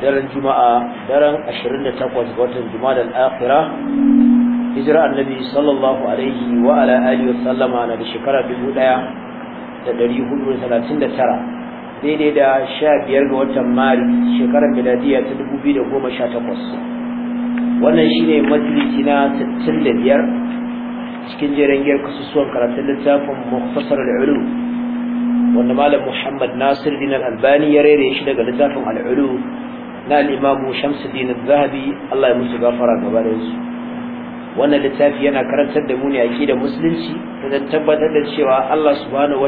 daren juma'a daren 28 watan juma'a akhira hijira annabi sallallahu alaihi wa ala alihi wa sallama na da shekara 1439 daidai da 15 ga watan mari shekara miladiya ta 2018 wannan shine majalisi na 65 cikin jiragen giyar kasusuwan karatun littafin mukhtasar al-ulum wanda malam Muhammad Nasir dinar albani ya rere shi daga littafin al na al-Imam Shamsuddin zahabi Allah ya musu gafara gaba da su wannan littafi yana karantar da mu ne da musulunci da tabbatar da cewa Allah subhanahu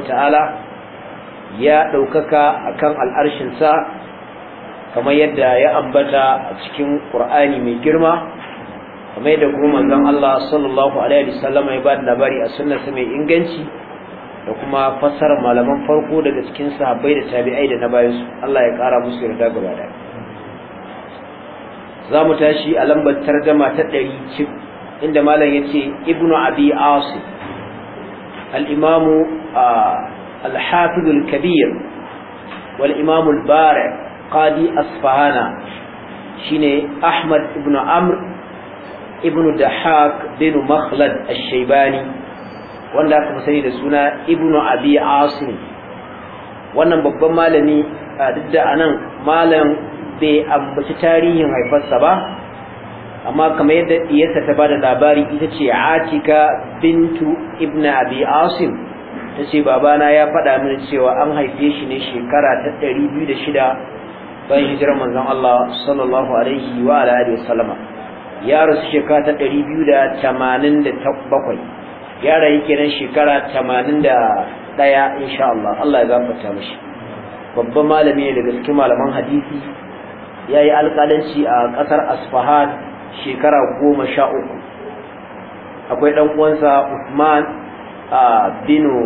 ya ɗaukaka akan kan al'arshinsa. kamar yadda ya ambata a cikin Qur'ani mai girma kamar yadda kuma manzon Allah sallallahu alaihi wasallam ya ba da labari a sunnarsa mai inganci da kuma fassarar malaman farko daga cikin sahabbai da tabi'ai da na su, Allah ya kara musu yarda gaba da za mu tashi a lambar tarjama ta ɗari cif inda malam ya ce ibnu abi asim al-imamu kabir wal imamu al-bari qadi asfahana shine ahmad ibnu amr ibnu dahak bin makhlad ash-shaybani wanda aka sani da suna ibnu abi asim wannan babban malami a duk da anan malam bai ambaci tarihin haifarsa ba amma kamar yadda diyarsa ta bada labari ita ce atika bintu ibnu abi asim ta ce babana ya faɗa mini cewa an haife shi ne shekara ta 206 bayan hijirar manzon Allah sallallahu alaihi wa alihi wasallama ya rasu shekara ta 287 ya yi kenan shekara tamanin da ɗaya insha Allah Allah ya gafarta mashi babban malami ne daga cikin malaman hadisi ya yi alƙalanci a ƙasar asfahan shekara goma sha uku akwai ɗan uwansa usman binu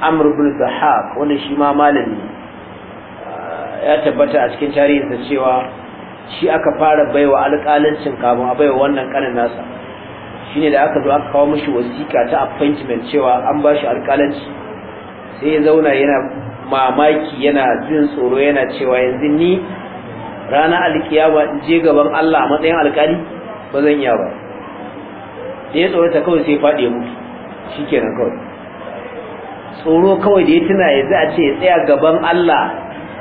amr bin zahab wanda shi ma malami ya tabbata a cikin tarihinsa cewa shi aka fara baiwa alƙalancin kafin a baiwa wannan ƙanin nasa shine da aka zo aka kawo mishi wasiƙa ta appointment cewa an ba shi alƙalanci sai ya zauna yana mamaki yana jin tsoro yana cewa yanzu ni rana alkiyama in je gaban Allah a matsayin alƙali ba zan iya ba da ya tsorata kawai sai faɗi ya mutu shikenan kawai tsoro kawai da ya tuna yanzu a ce ya tsaya gaban Allah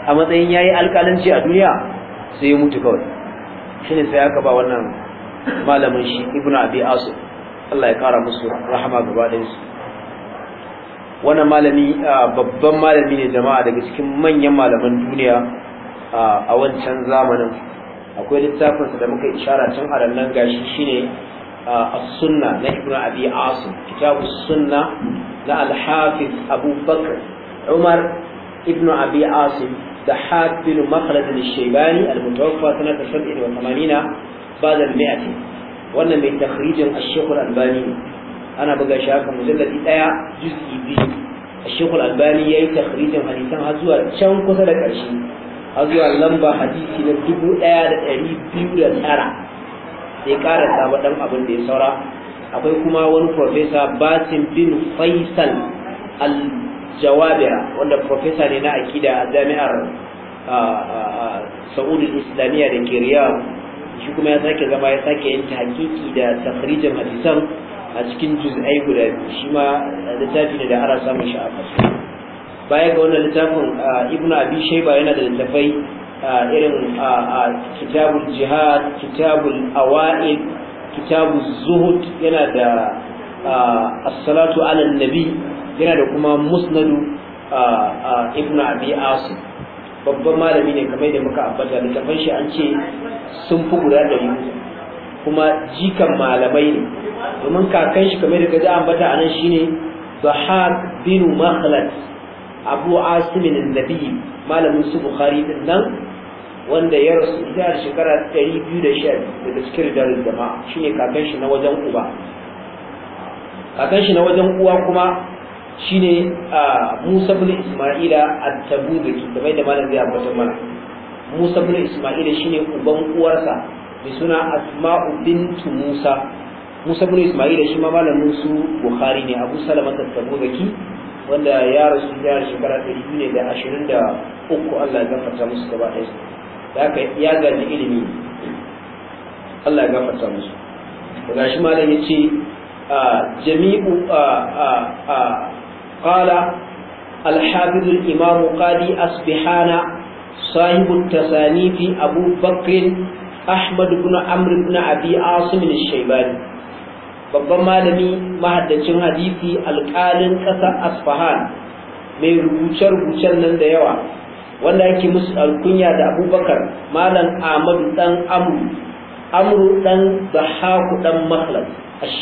a matsayin yayi alƙalanci a duniya sai ya mutu kawai shine sai aka ba wannan malamin shi ibnu abi asu Allah ya kara musu rahama gaba da su wannan malami babban malami ne jama'a daga cikin manyan malaman duniya a wancan zamanin akwai littafinsa da muka ishara can a nan gashi shine as-sunna na ibnu abi asim kitabu sunna na al-hafiz abu bakr umar ibnu abi asim da hafiz makhlad al-shaybani al-mutawaffa sanata 87 ba da mi'ati wannan mai takhrijin ash-shaykhul albani ana buga shi haka mujalladi daya juz'i biyu ash-shaykhul albani yayi takhrijin hadisan har zuwa can kusa da ƙarshe har zuwa lamba hadisi na 1209 sai ƙara saba dan abin da ya saura akwai kuma wani professor Basim bin Faisal al-Jawabira wanda professor ne na akida a jami'ar Saudi Islamiyya da ke Riyadh shi kuma ya sake zama ya sake yin hakiki da tafrijin hadisan a cikin juz'ai guda shi ma eh, littafi ne da ara samun shi a kasuwa baya ga wannan littafin eh, ibnu abi shayba yana da littafai eh, irin kitabul jihad kitabul awa'id kitabul zuhud yana da as-salatu ala nabi yana da kuma musnadu ibnu abi asim babban malami ne kamar da muka ambata littafan shi an ce sun fi guda ɗari kuma jikan malamai ne domin kakan shi kamar da gaji ambata a nan shi ne Bahab bin Makhlad Abu Asim al-Nabi malamin su Bukhari din nan wanda ya rasu da shekara biyu da 210 daga cikin rijalul jama'a shine kakan shi na wajen uba kakan shi na wajen uwa kuma shine Musa bin Isma'ila at da mai da malam zai ambata mana Musa bin Isma'ila shine uban uwarsa da suna Asma'u bintu Musa Musa bin Isma'ila shi ma malamin su Bukhari ne Abu Salama at-Tabuzaki wanda ya rasu ya shekara 223 Allah ya gafarta musu gaba ɗaya da haka ya gaji ilimi Allah ya gafarta musu gashi malam a jami'u قال الحافظ الإمام قاضي أصبحان صاحب التصانيف أبو بكر أحمد بن عمرو بن أبي عاصم الشيباني babban malami mahaddacin hadisi alƙalin ƙasa asfahan mai rubuce-rubucen nan da yawa wanda yake musu alkunya da abubakar malam ahmadu dan amru amru dan bahaku dan a ash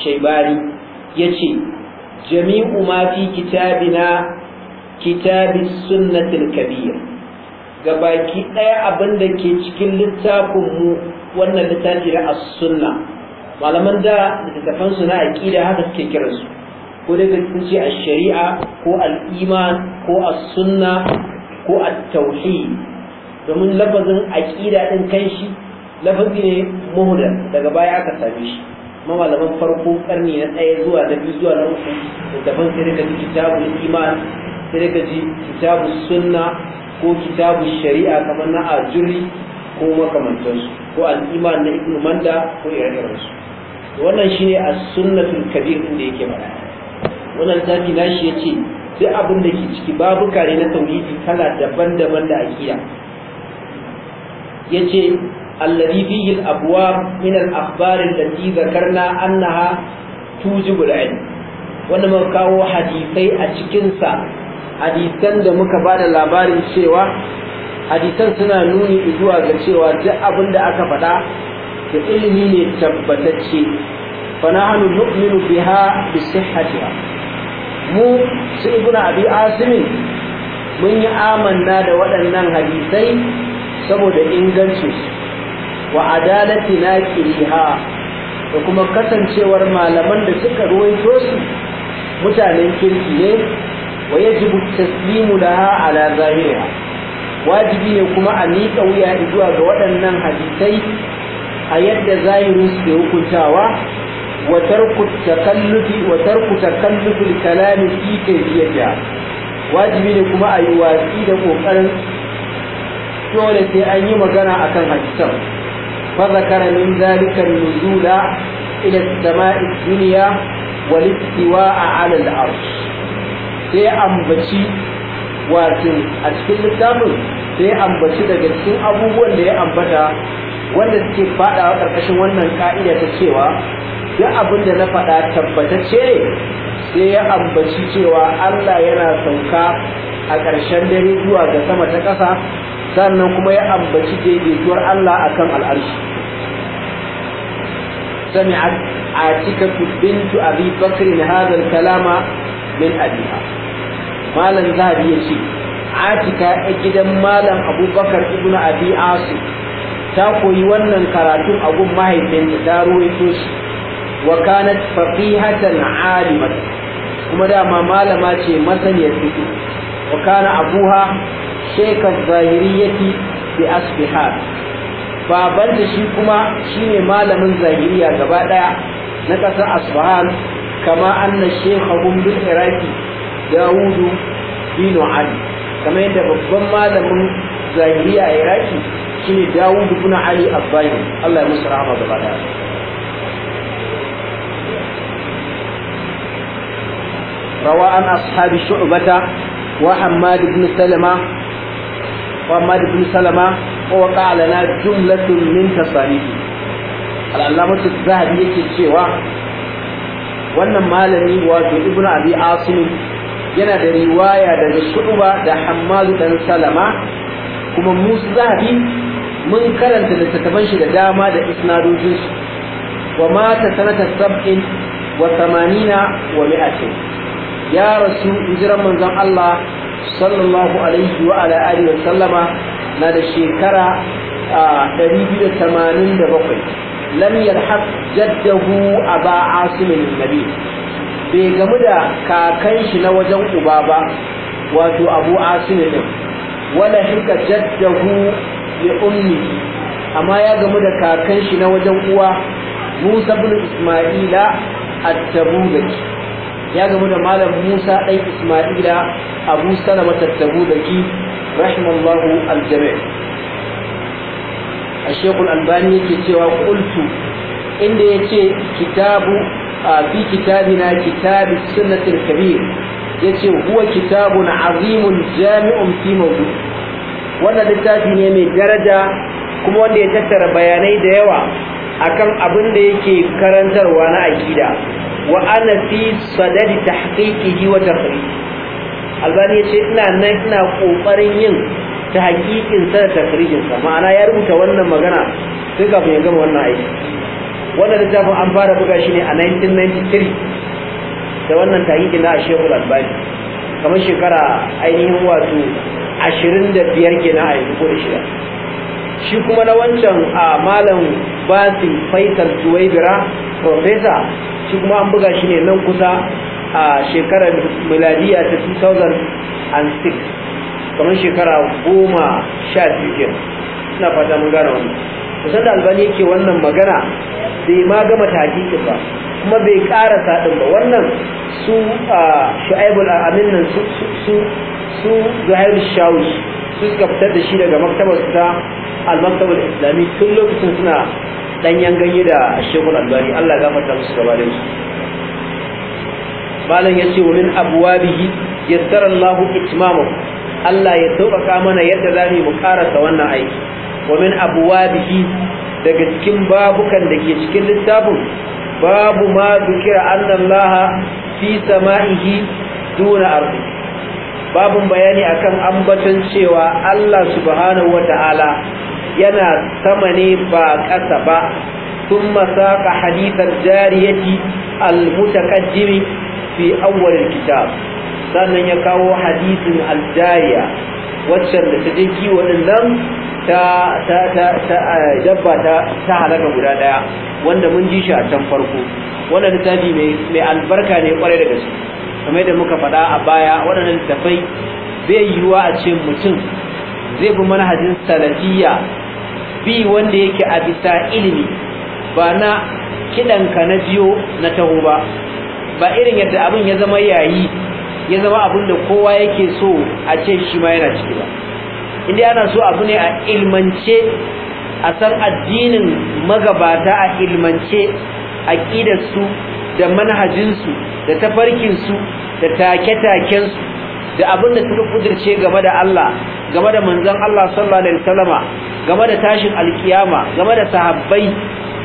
ya ce. jami'u mafi fi kitabina kitabi sunnatul kabir ga baki ɗaya abin da ke cikin littafinmu wannan littafi da as-sunna malaman da littattafan na aqida haka suke kiransu ko dai sun ce ash-shari'a ko al-iman ko as-sunna ko at-tauhid domin lafazin aqida din kanshi lafazi ne muhdar daga baya aka same shi mamalaman farko karni na ɗaya zuwa na biyu zuwa na uku daban sai daga ji iman sai daga ji kitabu sunna ko kitabu shari'a kamar na ajuri ko makamantansu ko al'iman na ibn manda ko ire wannan shine as-sunnatul kabir inda da yake mana wannan tafi nashi ce, duk abin da ke ciki babu kare na tauhidi kala daban-daban da Ya ce. الذي فيه الأبواب من الأخبار التي ذكرنا أنها توجب العلم وإنما كاو حديثي أشكنسا hadisan da muka ba da labarin cewa hadisan suna nuni zuwa ga cewa duk abin da aka faɗa da ilimi ne tabbatacce fanahanu nu'minu biha bi sihhatiha mu su ibnu abi asimin mun yi amanna da waɗannan hadisai saboda ingancin su wa adalati naqiliha da kuma kasancewar malaman da suka ruwaito su mutanen kirki ne wa yajibu taslimu laha ala zahiriha wajibi ne kuma a miƙa wuya zuwa ga waɗannan hadisai a yadda zahirin su hukuntawa wa tarku takallufi wa tarku takallufi kalami fi kayfiyatiha wajibi ne kuma a yi watsi da ƙoƙarin dole sai an yi magana akan hadisan فذكر من ذلك النزول إلى السماء الدنيا والاستواء على العرش sai ambaci wato a cikin littafin sai ambaci daga cikin abubuwan da ya ambata wanda suke faɗawa ƙarƙashin wannan ka'ida ta cewa duk abin da na faɗa tabbatacce ne sai ya ambaci cewa Allah yana sauka a ƙarshen dare zuwa ga sama ta ƙasa sannan kuma ya ambaci daidaituwar Allah akan al'arshi سمعت عاتكة بنت أبي بكر هذا الكلام من أبيها مالا ذهب يشي عاتكة أجد مالا أبو بكر ابن أبي عاصم تقوي ونن كراتون أبو مهي من داروي توش وكانت فقيهة عالمة kuma dama malama ce masaniyar fito wa kana abuha shekar zahiriyyati bi asbihar baban da shi kuma shine malamin zahiriya gaba daya na kasar asfahan kama anna shekhahum bil Iraki, dawudu Bino ali Kama yadda babban malamin zahiriya a iraqi shine dawudu bin ali abbayi Allah ya musu rahama gaba daya روى عن أصحاب شعبة وحماد بن سلمة وحماد بن Salama. ووقع لنا جملة من تصاريفه العلامة الذهبي yake cewa wannan malami wato ibn abi asim yana da riwaya daga shu'ba da hammadu dan salama kuma musu zahabi mun karanta littattafan shi da dama da isnadojin su wa mata sanata sab'in wa tamanina wa mi'atin ya rasu hijiran manzon Allah sallallahu alaihi wa ala alihi wa sallama na da shekara ɗari biyu da da tamanin 287 lam yarhaq jaddahu aba asim nabi bai gamu da kakan shi na wajen uba ba wato abu asim din wala hika jaddahu li ummi amma ya gamu da kakan shi na wajen uwa Musa bin Isma'ila at-Tabuzaki ya gamu da malam Musa ɗan Isma'ila Abu Salama at-Tabuzaki رحم الله albani yake cewa كتوى inda yace kitabu كتاب في كتابنا كتاب السنة الكبير يتي هو كتاب عظيم جامع في موضوع wannan littafi ne mai daraja kuma wanda ya tattara bayanai da yawa akan abin da yake karantarwa na aƙida wa ana fi sadari ta haƙiƙi wa tafiye albani ya ce ina nan ina kokarin yin ta hakikin sa da tafrijin sa ma'ana ya rubuta wannan magana sai kafin ya gama wannan aiki wannan littafin an fara buga shi ne a 1993 da wannan tahiki na Shehu Albani kamar shekara ainihin wato 25 kenan a yanzu ko da shida shi kuma na wancan a malam basin Faisal tuwaibira professor shi kuma an buga shi ne nan kusa a shekarar miladiya ta 2006 kamar shekara goma sha biyu suna fata mun gane wani kusan da albani yake wannan magana zai ma gama tajikin ba kuma bai ƙara saɗin ba wannan su a shu'aibul amin nan su su zuhair su suka fitar da shi daga maktabar ta al islami tun lokacin suna ɗanyen ganye da shekul albani allah ya gafarta musu gaba da su malam ya ce wa min abwabihi yassara Allahu itmamahu Allah ya sauƙaƙa mana yadda za mu ƙarasa wannan aiki Wani min daga cikin babukan da ke cikin littafin babu ma zukira annallaha fi sama'ihi duna ardi babun bayani akan ambaton cewa Allah subhanahu wata'ala yana sama ne ba ƙasa ba ثم hadisar حديث الجارية المتقدم fi awwal kitab sannan ya kawo hadisin aljariya waccan da ta je kiwo nan ta ta ta ta dabba ta ta halaka guda daya wanda mun ji shi a can farko wannan littafi mai mai albarka ne kwarai da gaske kamar da muka faɗa a baya waɗannan littafai zai yiwuwa a ce mutum zai bi manhajin salafiyya bi wanda yake a bisa ilimi ba na kiɗanka na biyo na taho ba ba irin yadda abin ya zama yayi ya zama abin da kowa yake so a ce shi ma yana ciki ba inda ana so abu ne a ilmance a san addinin magabata a ilmance aqidarsu da manhajinsu da tafarkinsu da take-takensu da abin da suka kudurce game da Allah game da manzon Allah sallallahu alaihi wasallama game da tashin alkiyama game da sahabbai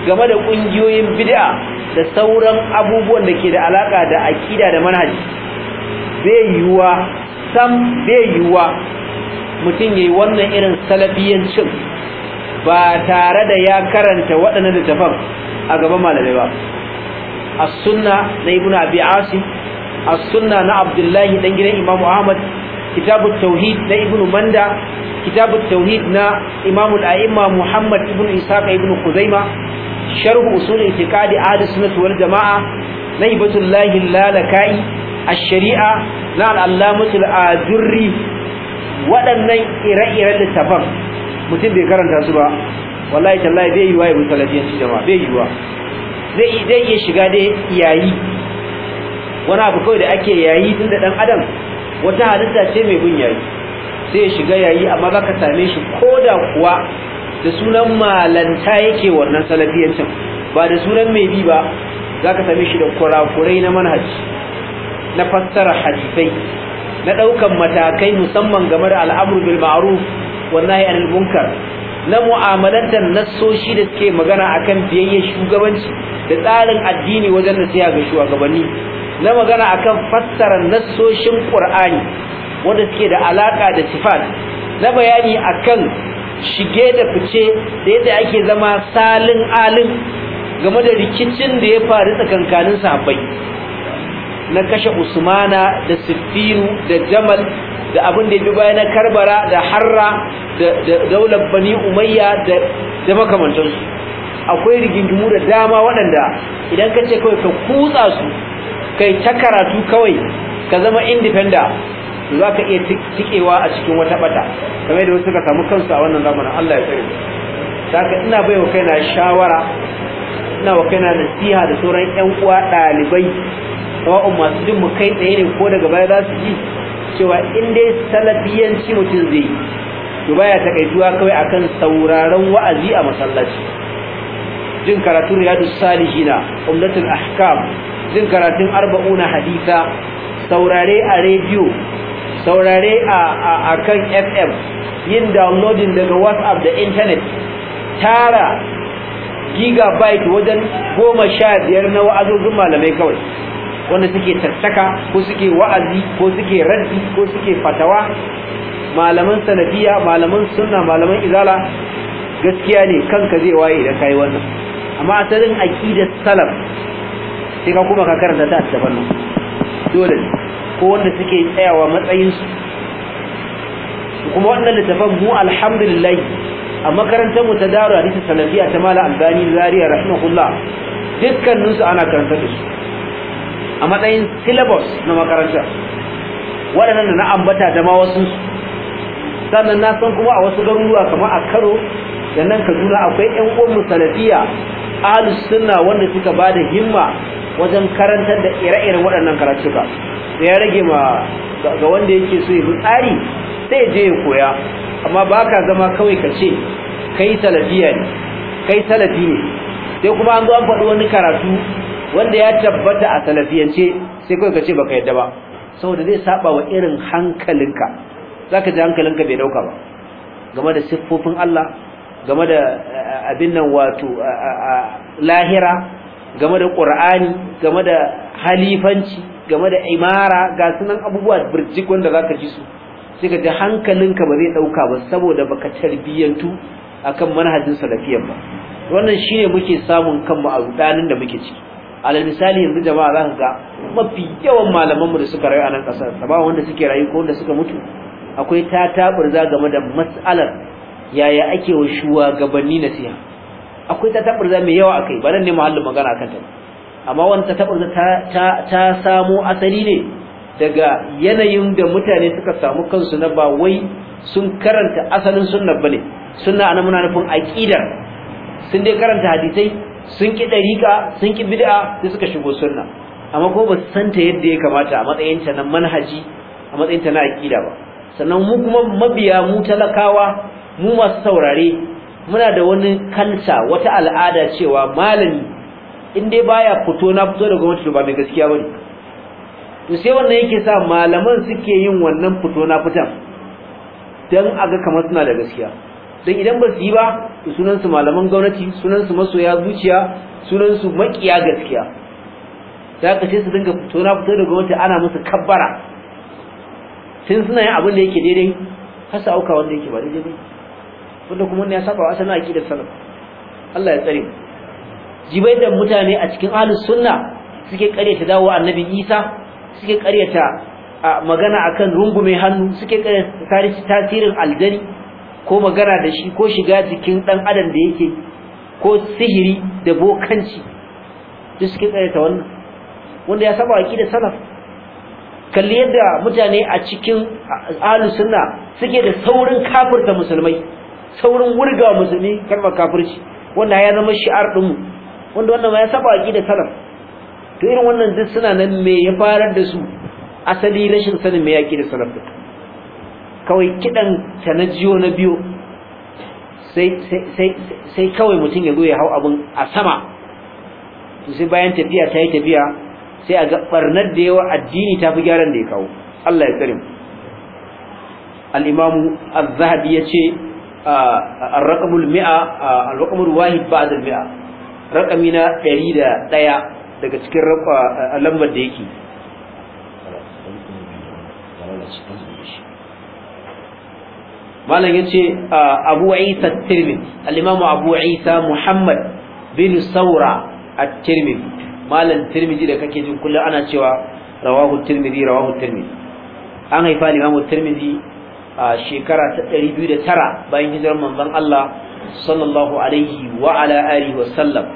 game da ƙungiyoyin bid'a da sauran abubuwan da ke da alaka da akida da manhaji zai yiwa sam bai yiwuwa mutum yayi wannan irin salafiyancin ba tare da ya karanta waɗannan littafan a gaban malamai ba as-sunna na ibnu abi asim as-sunna na abdullahi dan gidan imam ahmad kitabu tauhid na ibnu manda kitabu tauhid na imam al-a'imma muhammad ibnu isaq ibnu khuzaima sharhu usul i'tiqadi ahli sunnah wal jamaa na ibatullahi lalakai ash-shari'a na al-allamatu al-azurri waɗannan ire-iren littafan mutum bai karanta su ba wallahi tallahi bai yiwa ya musalafiyan su jama'a bai yiwa zai zai iya shiga da yayi wani abu kawai da ake yayi tun da dan adam wata halitta ce mai bin yayi sai ya shiga yayi amma zaka same shi koda kuwa da sunan malanta yake wannan salafiyancin ba da sunan mai bi ba za ka same shi da kurakurai na manhaji na fassara hadisai na ɗaukan matakai musamman game da al'amur bil ma'ruf wallahi anil munkar na mu'amalantar nasoshi da suke magana akan biyayyar shugabanci da tsarin addini wajen da siya ga shugabanni na magana akan fassara nassoshin Ƙur'ani wanda suke da alaƙa da sifat na bayani akan shige da fice da yadda ake zama salin alin game da rikicin da ya faru tsakankanin sahabbai na kashe usmana da siffinu da jamal da abin da ya bi baya na karbara da harra da daular bani umayya da makamantansu akwai rigingimu da dama waɗanda idan ka ce kawai ka kutsa su kai ta karatu kawai ka zama indifenda to za ka iya cikewa a cikin wata bata kamar yadda wasu ka samu kansu a wannan zamanin Allah ya tsare ta ka ina bai wa kaina shawara ina wa kaina nasiha da sauran yan uwa ɗalibai sawa'un masu jin mu kai tsaye ne ko daga baya za su ji cewa in dai salafiyanci mutum zai yi to ya takaituwa kawai akan sauraron wa'azi a masallaci jin karatun riyadus salihina umdatul ahkam jin karatun arba'una haditha saurare a rediyo saurare a kan fm yin downloading daga whatsapp da intanet tara gigabyte wajen goma sha biyar na wa'azozin malamai kawai wanda suke tattaka ko suke wa'azi ko suke raddi ko suke fatawa malaman sanadiya malaman suna, malaman izala gaskiya ne kanka zai waye da kayi wannan amma asalin da salaf sai ka kuma ka karanta ta a daban dole ne ko wanda suke tsayawa matsayinsu kuma wannan littafan mu alhamdulillah a makarantar mu ta daru hadisi sanadiyya ta mala albani zariya rahimahullah dukkaninsu ana karanta da su a matsayin syllabus na makaranta waɗannan da na ambata da ma wasu sannan na san kuma a wasu garuruwa kamar a karo da nan kaduna akwai ƴan uwan salafiya ahlus sunna wanda suka bada himma wajen karantar da ire-iren waɗannan karatuka da ya rage ma ga wanda yake so ya tsari sai je ya koya amma ba ka zama kawai ka ce kai talabiya ne kai talabi ne sai kuma an zo an faɗi wani karatu wanda ya tabbata a talabiyance sai kawai ka ce baka yadda ba saboda zai saba wa irin hankalinka zaka ji hankalinka bai dauka ba game da siffofin Allah game da eh, abin nan wato eh, eh, lahira game da Qur'ani game da halifanci game da imara ga sunan abubuwa birjik wanda ka ji su sai ka ji hankalinka ba zai ɗauka ba saboda baka tarbiyantu akan manhajin salafiyyan ba wannan shine muke samun kanmu a rudanin da muke ciki alal misali yanzu jama'a za ka ga mafi yawan malaman mu da suka rayu a nan kasar ba wanda suke rayu ko wanda suka mutu akwai ta taburza game da mas'alar yaya ake wa shugabanni nasiha akwai ta taburza mai yawa akai ba nan ne muhallin magana akan ta amma wanda ta ta ta samo asali ne daga yanayin da mutane suka samu kansu na ba wai sun karanta asalin sunna bane sunna ana muna nufin aqidar sun dai karanta hadisai sun ki dariqa sun ki bid'a sai suka shigo sunna amma ko ba san ta yadda ya kamata a matsayin ta na manhaji a matsayin ta na aqida ba sannan mu kuma mabiya mu talakawa mu masu saurare muna da wani kansa wata al'ada cewa malami in dai baya fito na fito da gwamnati ba mai gaskiya bane to sai wannan yake sa malaman suke yin wannan fito na fitan dan ga kamar suna da gaskiya dan idan ba su yi ba sunan su malaman gwamnati sunan su masoya zuciya sunan su makiya gaskiya da ka ce su dinga fito na fito da gwamnati ana musu kabbara sun suna yin abin da yake daidai har su auka wanda yake ba daidai wanda kuma ne ya saba wa asalin aqidar salaf Allah ya tsare mu jibai da mutane a cikin ahlus sunna suke karyata dawo annabi isa suke karyata magana akan rungume hannu suke karyata tasirin aljani ko magana da shi ko shiga jikin dan adam da yake ko sihiri da bokanci duk suke karyata wannan wanda ya saba aqida salaf kalli yadda mutane a cikin ahlus sunna suke da saurin kafirta musulmai saurin wurga musulmi kalmar kafirci wannan ya zama shi'ar dinmu wanda wannan ma ya saba da salaf to irin wannan duk suna nan me ya farar da su asali rashin sanin me ya da salaf kawai kidan ta na jiyo na biyo sai sai sai kawai mutun ya zo ya hau abun a sama to sai bayan tafiya ta yi tafiya sai a ga da yawa addini tafi gyaran da ya kawo Allah ya tsare mu al-imamu az-zahabi yace الرقم المئة wahid الواحد al Mi'a. rakami na ɗari da ɗaya daga cikin lambar da yake malam yace abu isa tirmin alimamu imam abu isa muhammad bin saura a tirmidhi malam tirmidhi da kake jin kullum ana cewa rawahu tirmidhi rawahu tirmidhi an haifa al-imam tirmidhi a shekara ta 209 bayan hijirar manzon Allah sallallahu alaihi wa ala alihi wa sallam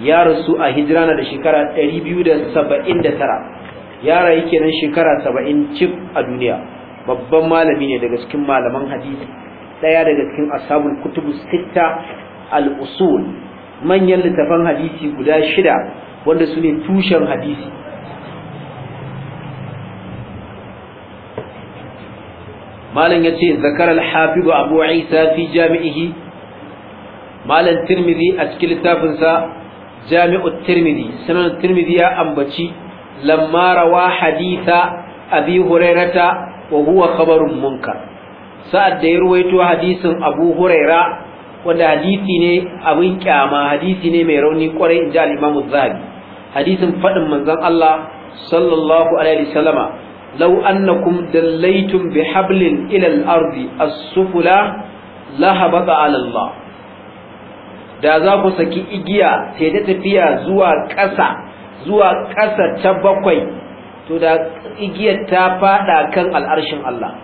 ya rasu a hijira na da shekara 279 yara yake nan shekara 70 cif a duniya babban malami ne daga cikin malaman hadisi daya daga cikin ashabul kutubu Sita al usul manyan littafan hadisi guda shida wanda su ne tushen hadisi malam yace zakara al hafiz abu isa fi jami'ihi malam tirmidhi a cikin littafinsa jami'u tirmidhi sanan tirmidhi ya ambaci lamara wa haditha abi hurairata wa huwa khabarun munkar sa'ad da ya ruwaito hadisin abu huraira wanda hadisi ne abin kyama hadisi ne mai rauni kwarai inji al-imamu zahabi hadisin fadin manzon Allah sallallahu alaihi wasallama law annakum da laitun bi hablin ardi arzi, asufula lahabata ala da za ku saki igiya sai ta tafiya zuwa ƙasa zuwa ƙasa ta bakwai to da igiyar ta fada kan al'arshin Allah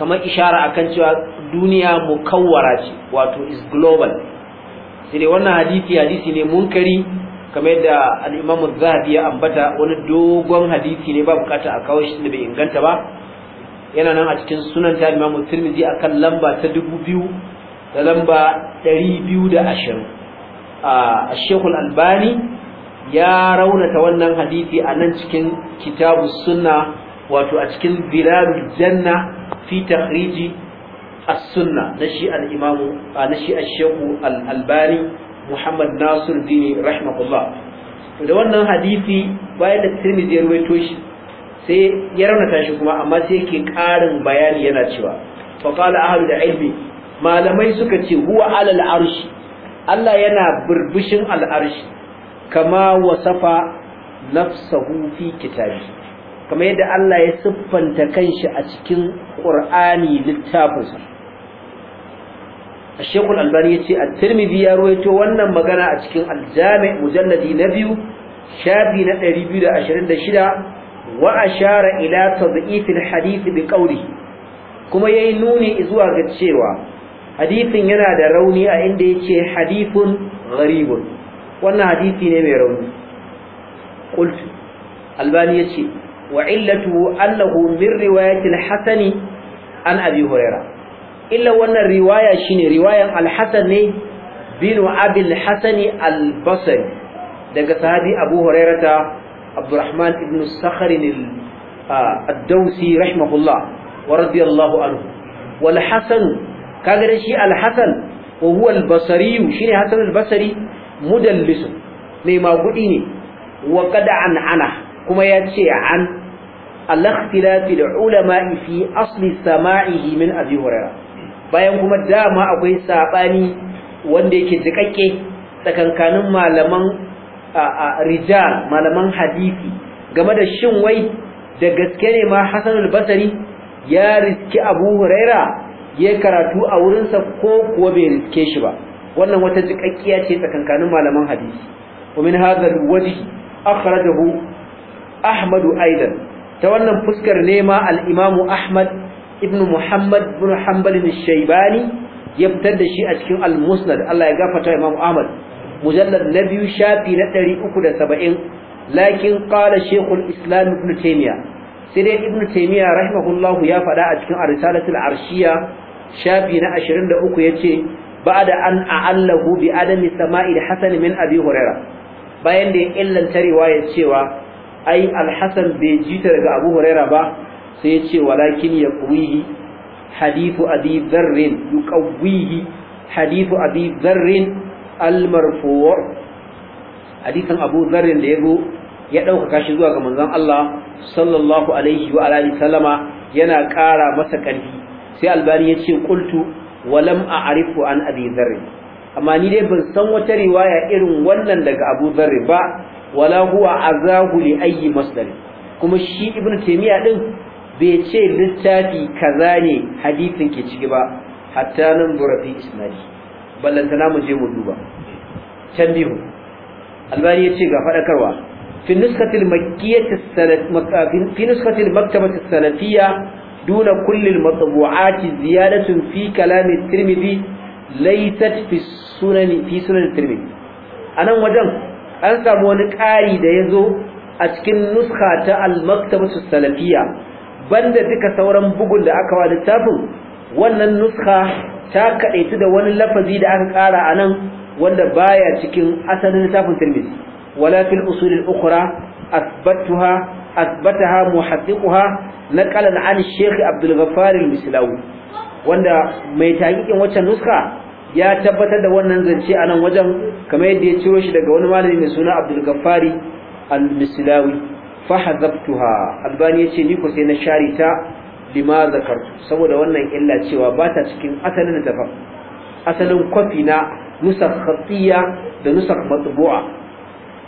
kamar ishara akan cewa duniya mukawwara ce wato is global sai wannan hadisi hadisi ne munkari kamar yadda al-Imam az-Zahabi ya ambata wani dogon hadisi ne ba bukata a kawo shi da bai inganta ba yana nan a cikin sunan ta Imam Tirmidhi akan lamba ta 2000 da lamba 220 a shekul albani ya raunata wannan hadisi a nan cikin kitabu sunna wato a cikin bilalul janna fi tahriji as-sunna na shi al-imamu na shi al-shehu al-albani muhammad nasir dini rahimahullah da wannan hadisi bayan da tirmidhi ya rawaito shi sai ya raunata shi kuma amma sai yake karin bayani yana cewa fa qala da ilmi malamai suka ce huwa alal arshi Allah yana burbushin al arshi kama wasafa nafsahu fi kitabi kama yadda Allah ya siffanta kanshi a cikin Qur'ani littafinsa Sheikhul Albani yace At-Tirmidhi ya ruwaito wannan magana a cikin Al-Jami' mujalladi na biyu shafi na 226 wa ashara ila tadhif al-hadith bi qawlihi kuma yayi nuni zuwa ga cewa hadisin yana da rauni a inda yace hadithun gharibun wannan hadisi ne mai rauni albani yace wa illatuhu annahu min riwayati hasani an abi huraira illa wannan riwaya shine riwayan al-hasan ne bin abi al-hasani al-basri daga sahabi abu hurairata abdurrahman ibn sakhr al-dawsi rahimahullah wa radiyallahu anhu wal hasan kaga da shi alhassan hasan wa huwa al-basri shine hasan al-basri mudallis mai magudi ne wa qad an ana kuma ya ce an al-ikhtilaf al-ulama fi asli sama'ihi min abi hurairah bayan kuma dama akwai sabani wanda yake jikakke tsakankanin malaman rijal malaman hadisi game da shin wai da gaske ne ma hasan al-basri ya riski abu huraira ya karatu a wurinsa ko kuwa bai riske shi ba wannan wata jikakkiya ce tsakankanin malaman hadisi wa min hadha alwajh akhrajahu ahmad aidan ta wannan fuskar nema al-imam ahmad ibn muhammad ibn hanbal al-shaybani ya fitar da shi a cikin al-musnad Allah ya gafarta imam ahmad mujallad na biyu shafi na 370 lakin qala shaykhul islam ibn taymiyyah sai dai ibnu taymiya rahimahullahu ya faɗa a cikin arsalatul arshiya shafi na 23 yace ba'da an a'allahu bi adami sama'il hasan min abi hurairah bayan da ya tarewa ya cewa ai al bai jita daga abu hurairah ba sai yace walakin yaqwihi hadithu abi dharr yuqawwihi hadithu abi dharr al-marfu' hadithan abu dharr da yazo ya ɗaukaka shi zuwa ga manzon Allah sallallahu alaihi wa alihi sallama yana ƙara masa ƙarfi sai albani ya ce qultu wa lam a'rifu an abi dharr amma ni dai ban san wata riwaya irin wannan daga Abu Dharr ba wala huwa azahu li ayyi masdar kuma shi ibnu taymiya din bai ce littafi kaza ne hadisin ke ciki ba hatta nan burafi isnadi ballantana mu je mu duba tambihu albani ya ce ga faɗakarwa في النسخة المكية في نسخة المكتبة السلفية دون كل المطبوعات زيادة في كلام الترمذي ليست في السنن في سنن الترمذي أنا وجن أن سامون قاري ده يزو أتكن نسخة المكتبة السلفية بند دك ثورا بقول لأكا والتابو wannan nuskha ta kadaitu da wani lafazi da aka kara anan wanda baya cikin asalin littafin Tirmidhi ولا في الأصول الأخرى أثبتها أثبتها na نقلا عن الشيخ عبد الغفار المسلاوي wanda mai taƙiƙin waccan nuska ya tabbatar da wannan zance a nan wajen kamar yadda ya ciro shi daga wani malami mai suna Abdul Gaffari Al-Mislawi fa hazabtuha Albani yace ni ko sai na share ta lima zakar saboda wannan illa cewa ba ta cikin asalin da asalin kwafi na nusakh da nusar matbu'a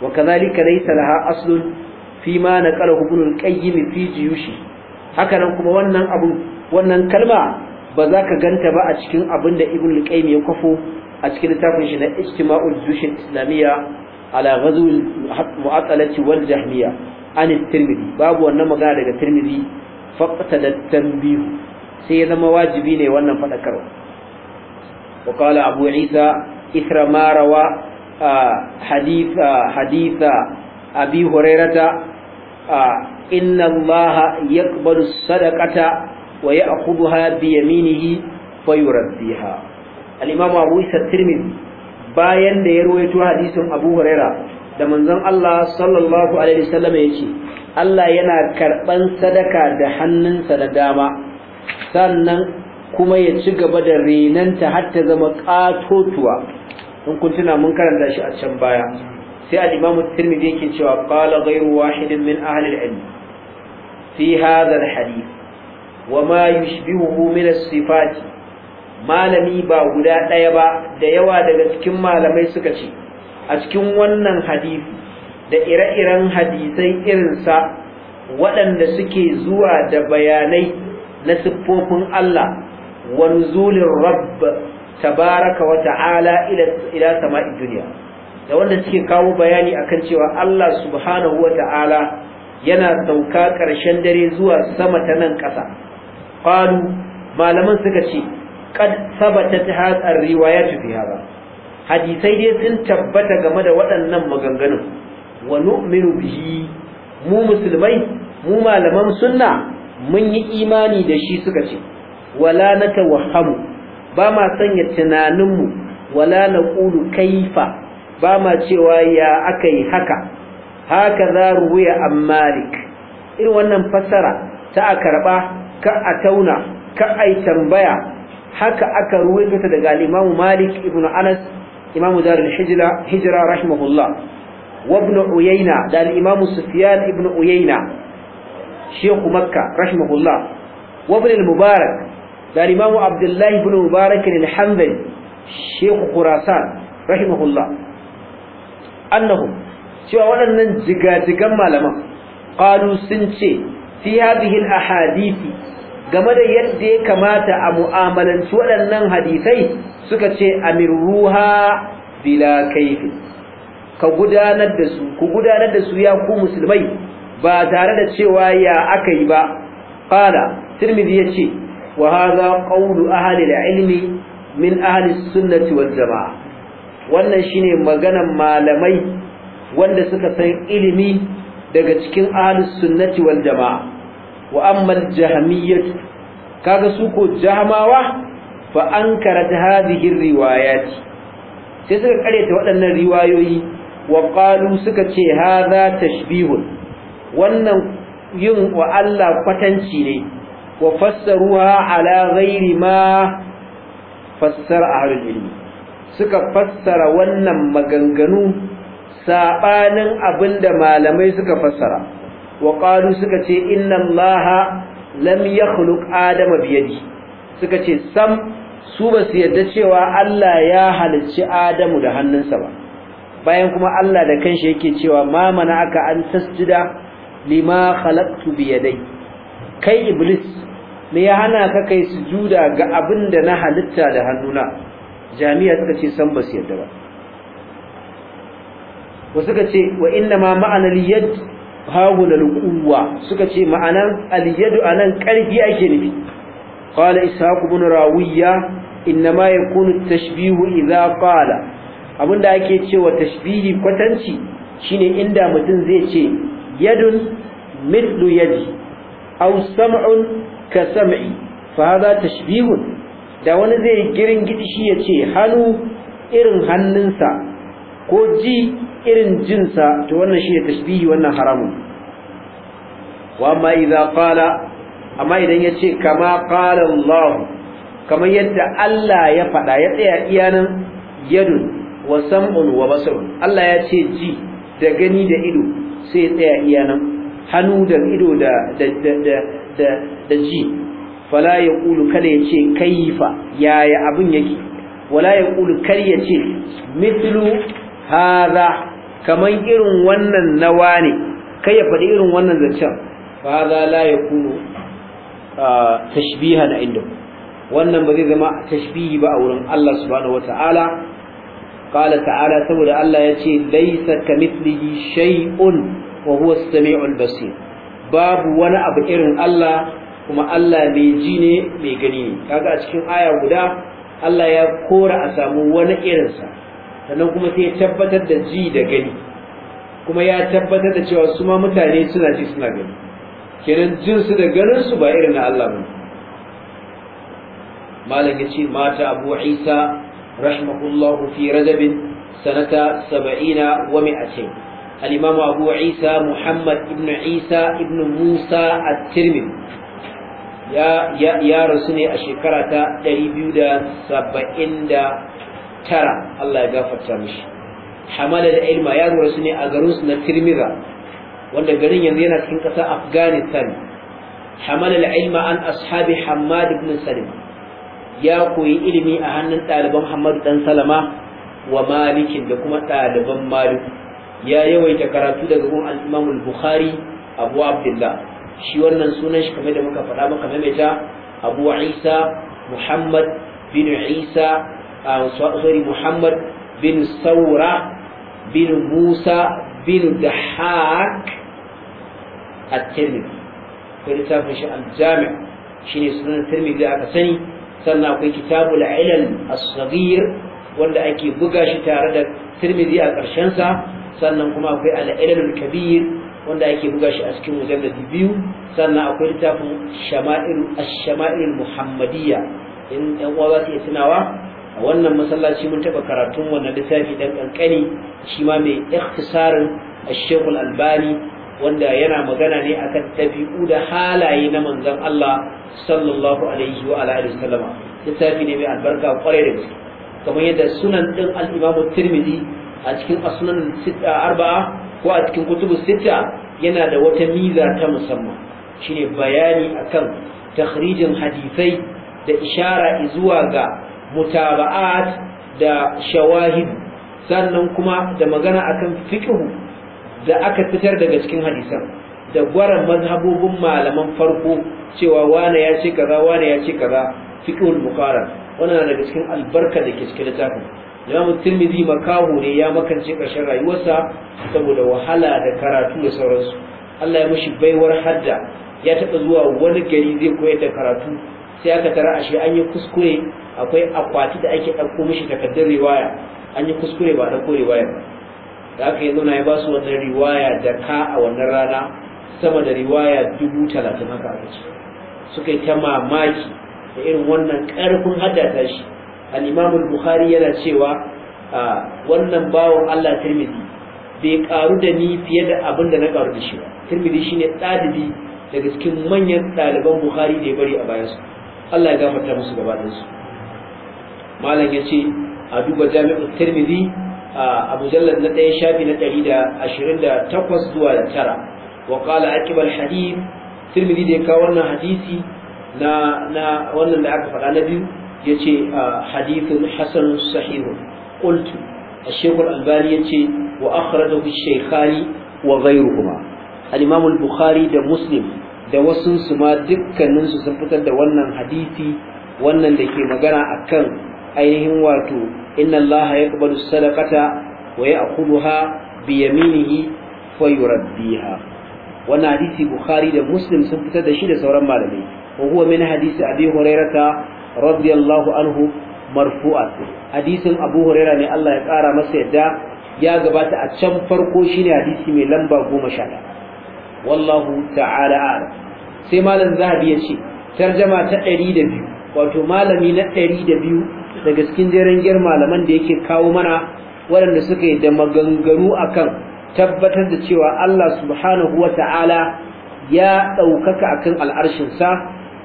wa kazalika laysa laha aslun fi ma naqalahu ibn al fi jiyushi haka nan kuma wannan abu wannan kalma ba za ka ganta ba a cikin abin da ibn al-qayyim ya kwafo a cikin littafin shi na ijtima'ul jushin islamiyya ala ghazwil mu'attalati wal jahmiyya an tirmidhi babu wannan magana daga tirmidhi faqta da tanbihu sai ya zama wajibi ne wannan fadakarwa وقال abu عيسى إثر ما rawa. A Haditha Abihu Rairata, a Inallaha Yaqban sadakata wa ya a hudu haɗa ya minihi baiwar ziha. Alimamawa, bayan da ya rufe tura Hadithan Abu Raira, da manzon Allah SallAllahuAlyhiwasallam ya ce, Allah yana karɓar sadaka da hannunsa da dama, sannan kuma ya ci gaba da renenta har ta zama ƙatotuwa. in kun tuna mun karanta shi a can baya sai al-Imam Tirmidhi yake cewa qala ghayru wahidin min ahli al-ilm fi hadha al-hadith wa ma yushbihuhu min as-sifat malami ba guda daya ba da yawa daga cikin malamai suka ce a cikin wannan hadisi da ire-iren hadisai irin sa, waɗanda suke zuwa da bayanai na siffofin Allah wa nuzulin rabb tabaraka wa ta'ala ila ila Duniya, da wanda suke kawo bayani akan cewa Allah subhanahu wa ta'ala yana sauka ƙarshen dare zuwa sama ta nan ƙasa qalu malaman suka ce qad sabatat hadha ar-riwayat fi hadha hadisai dai sun tabbata game da waɗannan maganganun wa nu'minu bihi mu musulmai mu malaman sunna mun yi imani da shi suka ce wala natawahhamu ba ma sanya tunaninmu wala na ƙulu kaifa ba ma cewa ya aka haka haka za ruwaya an malik wannan fassara ta a karɓa ka a tauna ka a tambaya haka aka ruwaito ta daga al'imamu malik ibn anas imamu darul hijira rahimahullah wa ibn uyayna da al'imamu sufyan ibn uyayna shehu makka rahimahullah wa ibn mubarak da imamu abdullahi ibn mubarak al-hanbali shehu khurasan rahimahullah annahum cewa waɗannan jigajigan malaman qalu sun ce fi hadhihi al-ahadisi game da yadda ya kamata a mu'amalanci waɗannan hadisai suka ce amirruha bila kaifi ka gudanar da su ku gudanar da su ya ku musulmai ba tare da cewa ya aka yi ba qala tirmidhi yace wa قول qawlu ahli من ilmi min ahli wannan shine maganan malamai wanda suka san ilimi daga cikin ahli sunnati wal jamaa wa amma al-jahmiyyah kaga su ko jahmawa fa ankarat hadhihi ar-riwayat sai suka ta waɗannan riwayoyi wa qalu suka ce hadha tashbihun wannan yin wa Allah kwatanci ne wa fassaruha ala ghairi ma fassara ahlul ilmi suka fassara wannan maganganu sabanin abinda malamai suka fassara wa qalu suka ce inna allaha lam yakhluq adama yadi suka ce sam su ba su yadda cewa Allah ya halicci Adamu da hannunsa ba bayan kuma Allah da kanshi yake cewa ma mana aka an tasjida lima khalaqtu bi yadayya kai iblis me ya hana ka kai sujuda ga abin da na halitta da hannuna jami'a suka ce san ba su yadda ba wasu suka ce wa inna ma ma'anar yad da alquwa suka ce ma'anar alyadu anan karfi ake nufi qala ishaq ibn rawiya ma yakunu at-tashbihu idha qala abinda ake cewa tashbihi kwatanci shine inda mutum zai ce yadun mithlu yadi aw sam'un ka sam'i fa da wani zai girin gidi shi ya ce hannu irin hannunsa ko ji irin jinsa to wannan shi ya tashbihi wannan haramun wa amma idza qala amma idan ya ce kama qala Allah kamar yadda Allah ya faɗa ya tsaya iyanan yadun wa sam'un wa basarun Allah ya ce ji da gani da ido sai ya tsaya iyanan hannu da ido da da da da da ji fala yaqulu kada yace yaya abun yake wala kulu kar ya ce, mithlu hadha kaman irin wannan nawa ne kai ya faɗi irin wannan zancen fa hadha la kulu tashbihan inda wannan ba zai zama tashbihi ba a wurin Allah subhanahu wataala qala ta'ala saboda Allah yace laysa kamithlihi shay'un wa huwa samiul basir babu wani abu irin Allah kuma Allah mai ji ne mai gani ne kaga a cikin aya guda Allah ya kora a samu wani irinsa sannan kuma sai ya tabbatar da ji da gani kuma ya tabbatar da cewa su ma mutane suna ji suna gani kenan jin su da ganin su ba irin na Allah ba malam yace mata Abu Isa rahimahullahu fi radab sanata 70 wa 200 الإمام أبو عيسى محمد ابن عيسى ابن موسى الترمذي يا يا يا رسولي الشكرة تريبيو دا سبعين دا ترى الله يغفر تامش حمل العلم يا رسولي أغروس نترمذا wanda garin yanzu yana cikin ƙasar Afghanistan hamala al-ilma an ashabi Hammad ibn ya koyi ilimi a hannun ɗaliban Hammad dan Salama wa Malikin da kuma ɗaliban Malik ya yawaita karatu daga gun al-Imam al-Bukhari Abu Abdullah shi wannan sunan shi kamar da muka faɗa muka maimaita Abu Isa Muhammad bin Isa sorry Muhammad bin Saura bin Musa bin Dahak a tirmidhi akwai littafin shi al-Jami' shine sunan Tirmidhi da aka sani sannan akwai kitabul ilal as-saghir wanda ake buga shi tare da Tirmidhi a ƙarshen sa sannan kuma akwai al'ilalul kabir wanda ake buga shi a cikin mujalladi biyu sannan akwai littafin shama'il shamail muhammadiyya in ɗan uwa za su iya tunawa a wannan masallaci mun taɓa karatun wannan littafi dan kankani shi ma mai ikhtisarin ash-shaykh albani wanda yana magana ne akan tabi'u da halaye na manzon Allah sallallahu alaihi wa alihi wasallama littafi ne mai albarka kwarai da gaske kamar yadda sunan din al-imamu tirmidhi a cikin asunan arba'a ko a cikin kutubu sita yana da wata miza ta musamman shine bayani akan takhrijin hadisai da ishara zuwa ga mutaba'at da shawahid sannan kuma da magana akan fiqhu da aka fitar daga cikin hadisan da gwaran mazhabobin malaman farko cewa wane ya ce kaza wane ya ce kaza fiqhul muqarrar wannan daga cikin albarka da ke cikin littafin imamu tirmidhi makaho ne ya makance ƙarshen rayuwarsa saboda wahala da karatu da sauransu Allah ya mashi baiwar hadda ya taɓa zuwa wani gari zai koyar da karatu sai aka tara ashe an yi kuskure akwai akwati da ake ɗauko mushi takardar riwaya an yi kuskure ba ɗauko riwaya ba da aka yi zauna ya ba su wannan riwaya da ka a wannan rana sama da riwaya dubu talatin haka aka suka yi ta mamaki da irin wannan ƙarfin hadda ta shi Alimamu Buhari yana cewa wannan bawon Allah tirmidhi bai karu da ni fiye da abin da na karu da shi ba tirmidhi shine ɗalibi daga cikin manyan ɗaliban Buhari da ya bari a bayansu Allah ya gafarta musu gaba Malam malam ce a duba jami'un tirmidhi a mujallad na ɗaya shafi na ɗari da ashirin da takwas zuwa da tara wa qala aqibal hadith tirmidhi da ya kawo wannan hadisi na na wannan da aka faɗa na biyu yace ah, hadithun hasan sahih qultu ash a al-albani yace wa akhraja bi shaykhani wa ghayruhuma al-imam bukhari da muslim da wasu su ma dukkanin sun fitar da wannan hadisi wannan da ke magana akan ainihin wato inna Allah ya kubalu sadaqata wa ya akuduha bi yaminihi fa yurabbiha wannan hadisi bukhari da muslim sun fitar da shi da sauran malamai wa huwa min hadisi abi hurairata radiyallahu anhu marfu'a hadisin Abu Huraira ne Allah ya kara masa yadda ya gabata a can farko shine hadisi mai lamba 11 wallahu ta'ala a'lam sai malam Zahabi ya ce tarjama ta 102 wato malami na 102 daga cikin jeren gir malaman da yake kawo mana waɗanda suka yi da maganganu akan tabbatar da cewa Allah subhanahu wa ta'ala ya ɗaukaka akan al'arshinsa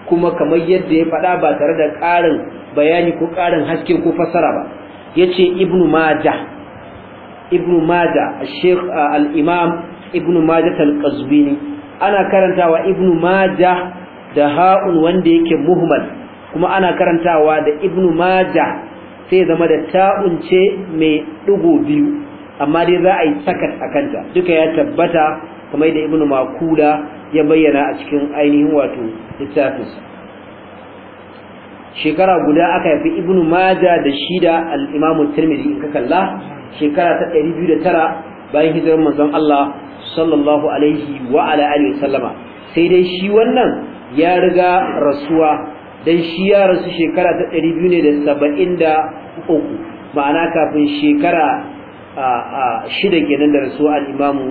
kuma kamar yadda ya faɗa ba tare da ƙarin bayani ko ƙarin haske ko fasara ba yace ibnu majah ibnu majah sheikh al’imam imam ibnu majah al ana karantawa ibnu majah da ha'un wanda yake muhammad kuma ana karantawa da ibnu majah sai zama da ta'un ce mai dugo biyu amma dai za a yi sakat kanta. duka ya tabbata kamar da ibnu Makula. ya bayyana a cikin ainihin wato littafinsa shekara guda aka haifi ibnu maja da shida al-imamu tirmidhi in ka kalla shekara ta 209 bayan hijirar manzon Allah sallallahu alaihi wa ala alihi sallama sai dai shi wannan ya riga rasuwa dan shi ya rasu shekara ta 273 ma'ana kafin shekara shida kenan da rasuwa al-imamu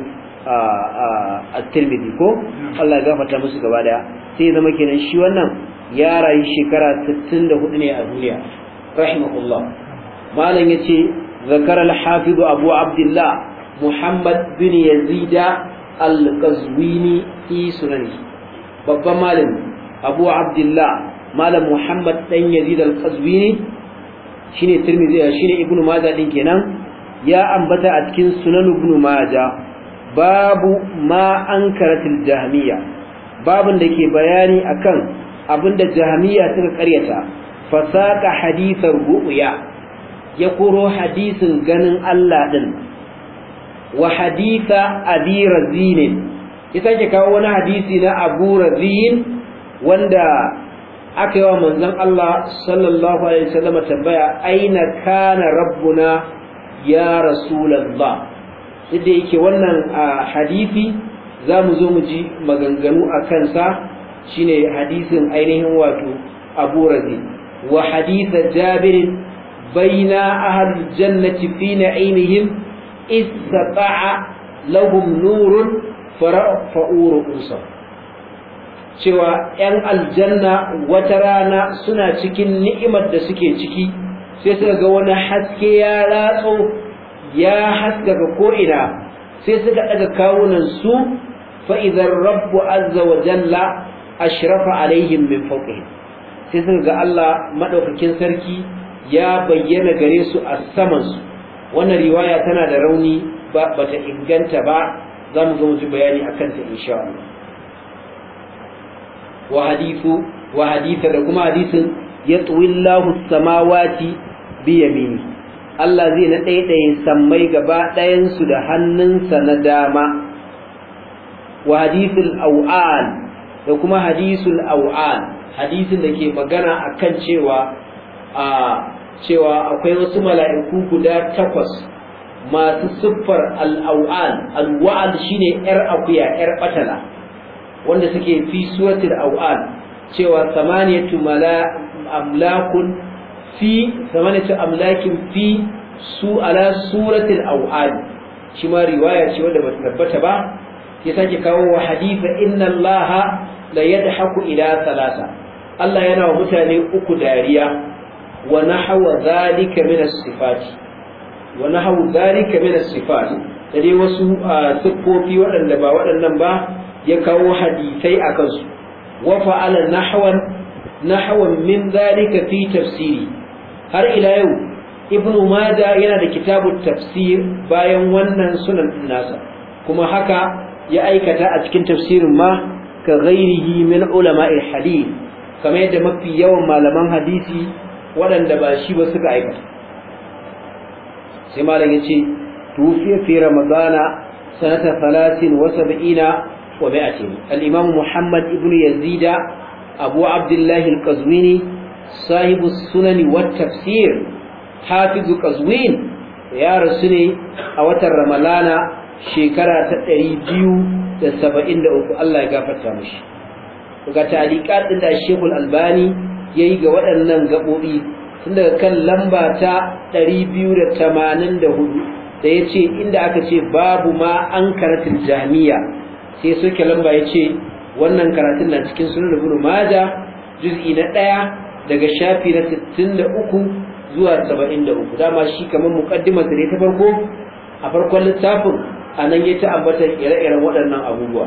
at-tirmidhi ko hmm. Allah ya gafarta musu gaba daya sai zama kenan shi wannan ya rayu shekara 64 ne a duniya rahimahullah malam yace zakara al-hafiz abu abdullah muhammad bin yazid al-qazwini fi sunani babban malam abu abdullah malam muhammad dan yazid al-qazwini shine tirmidhi shine ibnu majah din kenan ya ambata a cikin sunan ibnu majah babu ma ankaratil jahmiya babun da ke bayani akan abinda jahmiya suka karyata fasaka hadithar ru'ya ya koro hadisin ganin Allah din wa haditha abi razin ya sake kawo wani hadisi na abu razin wanda aka yi wa manzon Allah sallallahu alaihi wasallam tambaya aina kana rabbuna ya rasulullah duk da yake wannan hadisi za mu zo mu ji maganganu a kansa shine hadisin ainihin wato abu razi wa hadisa jabirin baina ahal jannati fi na'imihim istata'a lahum nurun fa'uru ru'usa cewa yan aljanna wata rana suna cikin ni'imar da suke ciki sai suka ga wani haske ya ratso ya haskaka ko'ina sai suka daga kawunan su fa'izar rabbu azza wa jalla ashrafa alaihim min fawqihim sai suka ga Allah madaukakin sarki ya bayyana gare su a saman su wannan riwaya tana da rauni ba bata inganta ba za mu zo mu bayani akan ta insha Allah wa hadithu wa kuma da kuma hadisin yatwillahu samawati bi yamini Allah zai na ɗaiɗaye sammai gaba ɗayansu da hannunsa na dama wa hadithul au'an da kuma hadisul au'an hadisin da ke magana akan cewa a cewa akwai wasu mala'iku guda takwas masu siffar al'au'an shi shine ‘yar akuya ‘yar ɓatala, wanda suke fi suratul au'an cewa samaniyatu amlakun fi zamana ce amlakin fi su ala suratul awhad shi ma riwaya ce wanda ba tabbata ba ya sake kawo wa hadisa inna allaha la yadhaku ila salasa Allah yana wa mutane uku dariya wa nahwa zalika min as-sifati wa zalika min as dai wasu siffofi waɗanda ba waɗannan ba ya kawo hadisai a kansu wa fa'ala nahwan nahwan min dhalika fi tafsiri har ila yau ibnu maja yana da kitabut tafsir bayan wannan sunan nasa kuma haka ya aikata a cikin tafsirin ma ka ghairihi min ulama'il hadith kamar yadda mafi yawan malaman hadisi waɗanda ba shi ba suka aikata sai malam yace tufiya fi ramadana sanata 73 wa 200 al-imam muhammad ibnu yazida abu abdullahi qazwini sahibu sunani wa tafsir hafizu qazwin ya rasu ne a watan Ramadana shekara ta 273 Allah ya gafarta mishi ga talikat din da Sheikhul Albani yayi ga waɗannan gabobi tun daga kan lamba ta 284 da yace inda aka ce babu ma ankaratul jami'a sai soke lamba yace wannan karatun na cikin sunan ibn majah juz'i na ɗaya daga shafi na 63 zuwa 73 dama shi kamar muqaddimar da ta farko a farkon littafin anan ya ta ambata ire-iren waɗannan abubuwa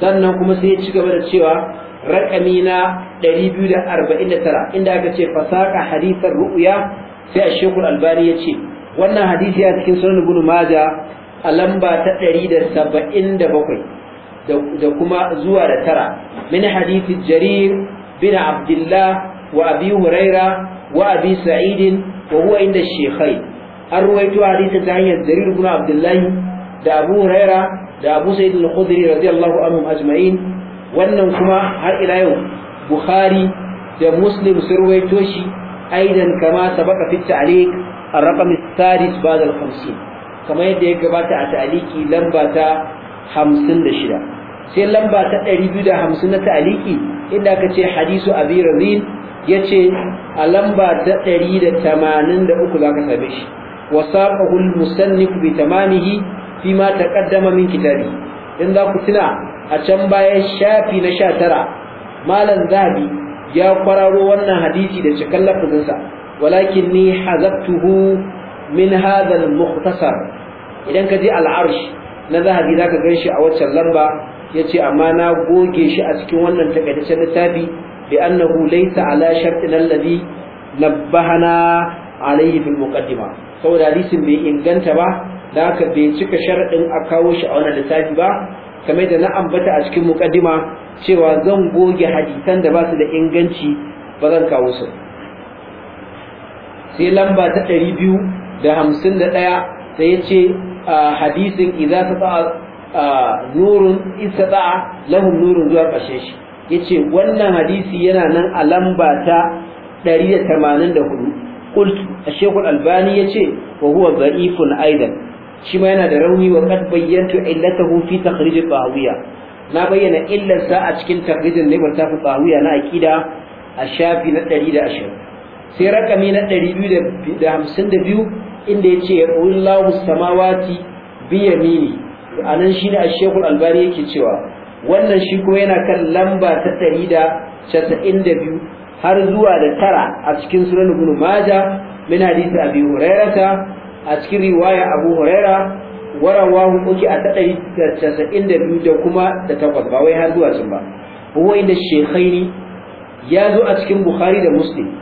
sannan kuma sai ya ci gaba da cewa raƙami na 249 inda aka ce fasaka hadithar ru'ya sai a shekul albani ya ce wannan hadisi a cikin sunan ibn majah a lamba ta 177 da kuma zuwa da tara min hadisi jarir bin abdullah wa abi huraira wa abi sa'id wa huwa inda shekhai an ruwaito hadisin ta hanyar jarir bin abdullah da abu huraira da abu sa'id al-khudri radiyallahu anhum ajma'in wannan kuma har ila yau bukhari da muslim sun ruwaito shi aidan kama sabaka fi ta'liq ar-raqam as-sadis ba'da al-50 kamar yadda ya gabata a ta'liqi lamba ta 56 sai lamba ta 250 na ta'aliki inda aka ce hadisu abi razin yace a lamba ta 183 zaka same shi wa saqahu al-musannif bi tamamihi fima taqaddama min kitabi in za ku tuna a can baya shafi na 19 malam zabi ya kwararo wannan hadisi da cikin lafazinsa walakin ni hazabtuhu min hadha al-mukhtasar idan ka je al-arsh na zahabi zaka ganshi a waccan lamba Ya ce amma na goge shi a cikin wannan takaitaccen littafi bi annahu laysa ala shartin alladhi nabbahana alayhi fil muqaddima saboda hadisin bai inganta ba da haka bai cika sharadin a kawo shi a wannan littafi ba kamar da na ambata a cikin muqaddima cewa zan goge hadisan da ba su da inganci ba zan kawo su sai lamba ta ɗaya sai ya yace hadisin idza ta nurun isa lahum nurun zuwa kashe shi yace wannan hadisi yana nan a lamba ta 184 qultu ash-shaykh al-albani yace wa huwa da'ifun aidan shi ma yana da rauni wa kad bayyantu illatahu fi takhrij al na bayyana illar sa a cikin takrijin ne ta fi tahawiyya na aqida a shafi na 120 sai rakami na 252 inda yace yaqulu lahu samawati bi yamini a nan shi ne a shekul albani yake cewa wannan shi ko yana kan lamba ta ɗari da casa'in da biyu har zuwa da tara a cikin sunan ibn maja min hadisi abi hurairata a cikin riwaya abu huraira warawahu uki a ta ɗari da casa'in da biyu da kuma da takwas ba wai har zuwa sun ba huwa inda shekhaini ya zo a cikin bukhari da muslim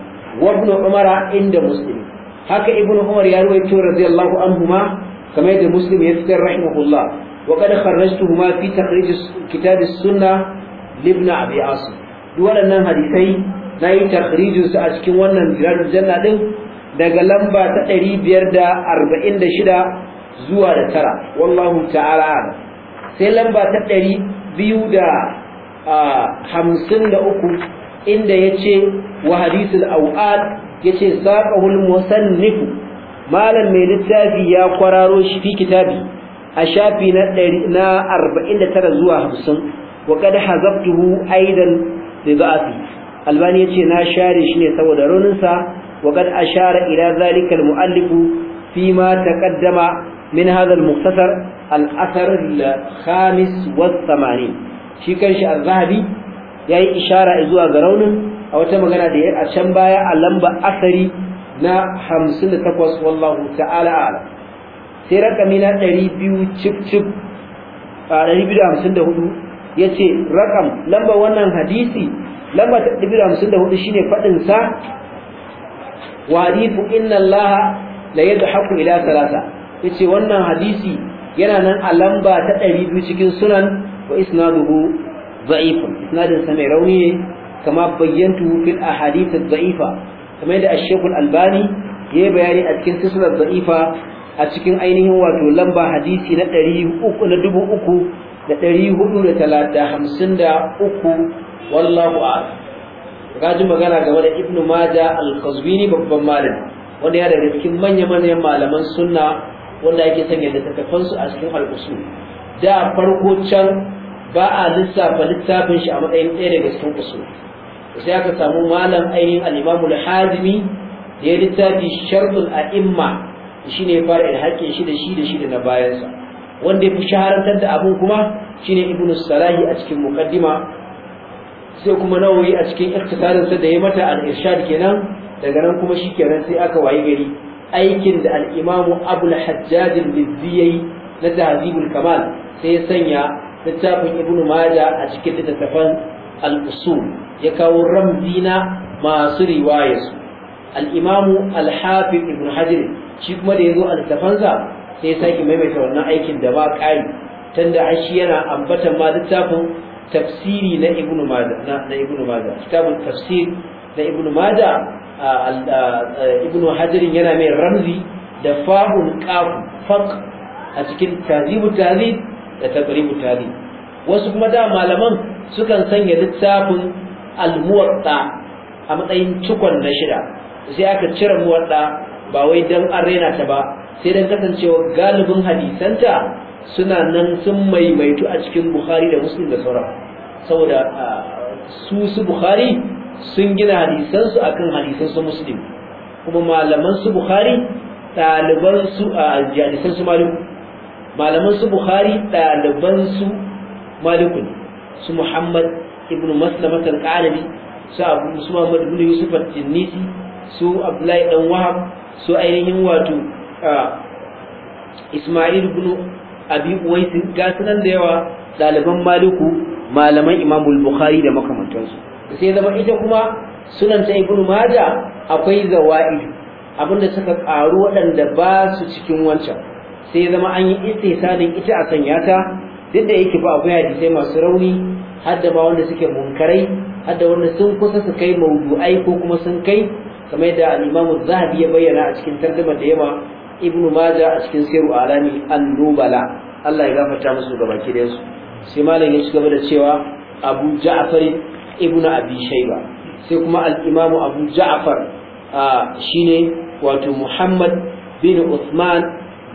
wa ibn umara inda muslim haka ibn umar ya ruwaito radiyallahu anhuma كما يدى مسلم يذكر رحمه الله وقد خرجتهما في تخريج كتاب السنة لابن أبي عاصم دولا نان حديثي ناي تخريج سأشكي وانا نجران الجنة دي daga lamba ta ɗari biyar da arba'in da shida zuwa da tara wallahu ta'ala sai lamba ta ɗari biyu da hamsin da uku inda ya ce wa hadisul au'ad ya ce saƙahul musannifu malam mai littafi ya kwararo shi fi kitabi a shafi na 49 zuwa 50 wa qad hazabtuhu aidan bi da'afi albani yace na share shi ne saboda raunin sa wa qad ashara ila zalika almu'allif fi ma taqaddama min hadha almukhtasar al-athar al-khamis wa 80 shi kanshi az-zahabi yayi ishara zuwa ga raunin a wata magana da ya a can baya a lamba asari na hamsin da takwas wallahu ta'ala ala sai rakami na ɗari biyu cif cif a ɗari biyu da hamsin da hudu ya ce rakam lamba wannan hadisi lamba ta ɗari biyu da hamsin da hudu shine faɗinsa wa hadifu inna allaha la haku ila salasa ce wannan hadisi yana nan a lamba ta ɗari biyu cikin sunan wa isnaduhu za'ifun isnadin mai rauni ne kama bayyantu fil ahadith ad dhaifa kamar da ashekul albani ya yi bayani a cikin sislar za'ifa a cikin ainihin wato lamba hadisi na ɗari uku na dubu uku da ɗari hudu da talata hamsin da uku wallahu a gajin magana game da ibnu maja al-qazwini babban malam wanda ya daga cikin manya-manyan malaman sunna wanda yake sanya su a cikin al-usul da farko can ba a lissafa littafin shi a matsayin ɗaya daga cikin usul sai aka samu malam ainihin al-imamu da ya littafi shartul a'imma shine ya fara ilhaƙin shi da shi da shi da na bayansa wanda ya fi shaharantar da abin kuma ne ibnu salahi a cikin muqaddima sai kuma nawawi a cikin iktisarinsa da ya mata al-irshad kenan daga nan kuma shi shikenan sai aka wayi gari aikin da alimamu imamu abul hajjaj al-bizzi na tahzibul kamal sai ya sanya littafin ibnu majah a cikin littattafan al ya kawo ramzina masu riwaya su Al'imamu Alhafi ibn hajar shi kuma da yazo al-tafansa sai ya sake maimaita wannan aikin da ba kai tunda ashi yana ambatan ma littafin tafsiri na ibn majah na ibn majah kitabul tafsir na ibn majah ibn hajar yana mai ramzi da fahun qaf faq a cikin tazibu tazib da taqribu tazib wasu kuma da malaman sukan sanya littafin almuwatta a matsayin cikon na shida sai aka cire muwatta ba wai dan an ta ba sai dan kasancewa galibin hadisanta suna nan sun maimaitu a cikin bukhari da muslim da sauran saboda su su bukhari sun gina hadisansu akan hadisansu muslim kuma malaman su bukhari ɗaliban su a hadisansu malum malaman su bukhari ɗaliban su malikun su muhammad ibn maslamat al-qalabi su abu su muhammad ibn yusuf al su abdullahi dan wahab su ainihin wato isma'il ibn abi uwais ga sunan da yawa daliban maliku malaman imamul bukhari da makamantansu sai zama ita kuma sunan ta ibn maja akwai zawa'id abinda suka karu waɗanda ba su cikin wancan sai zama an yi istihsanin ita a sanya ta duk da yake ba akwai hadisai masu rauni har da ba wanda suke munkarai har da wanda sun kusa su kai maudu'ai ko kuma sun kai kamar yadda al-Imam zahabi ya bayyana a cikin tarjumar da yawa Ibn Majah a cikin Sirru Alami An-Nubala Allah ya gafarta musu gabaki da su sai malam ya ci gaba da cewa Abu Ja'far Ibn Abi Shayba sai kuma al-Imam Abu Ja'far shine wato Muhammad bin Uthman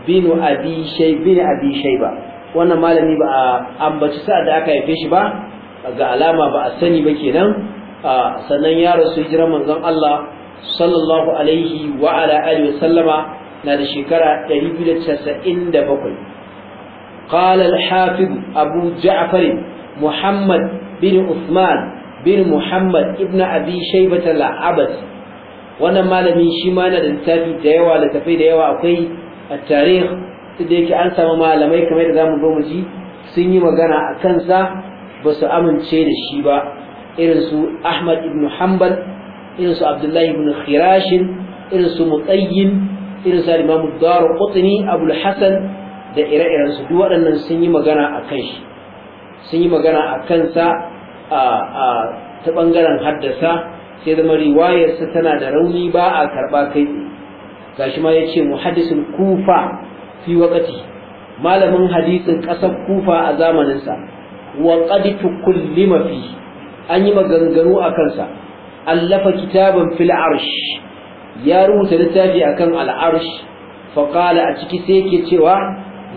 bin Abi bin Abi Shayba wannan malami ba a ambaci sa da aka haife shi ba ga alama ba a sani ba kenan sannan ya rasu jiran manzon Allah sallallahu alaihi wa ala alihi wa sallama na da shekara 297 qala al-hafiz abu ja'far muhammad bin usman bin muhammad ibn abi shaybah al-abbas wannan malami shi ma na da littafi da yawa littafai da yawa akwai at-tarikh duk da yake an samu malamai kamar da zamu zo mu ji sun yi magana a kansa ba su amince da shi ba irin su Ahmad ibn Hanbal irin su Abdullahi ibn Khirash irin su Mutayyin irin su Imam Daruqutni Abul Hasan da ire-iren su duk waɗannan sun yi magana a kan shi sun yi magana a kansa a ta bangaren haddasa sai zama riwayarsa tana da rauni ba a karɓa kai gashi ma ya ce kufa fi malamin hadisin ƙasar kufa a zamaninsa wa qad kulli mafi an yi maganganu a kansa allafa kitabin fil arsh ya rubuta littafi akan al arsh faƙala a ciki sai yake cewa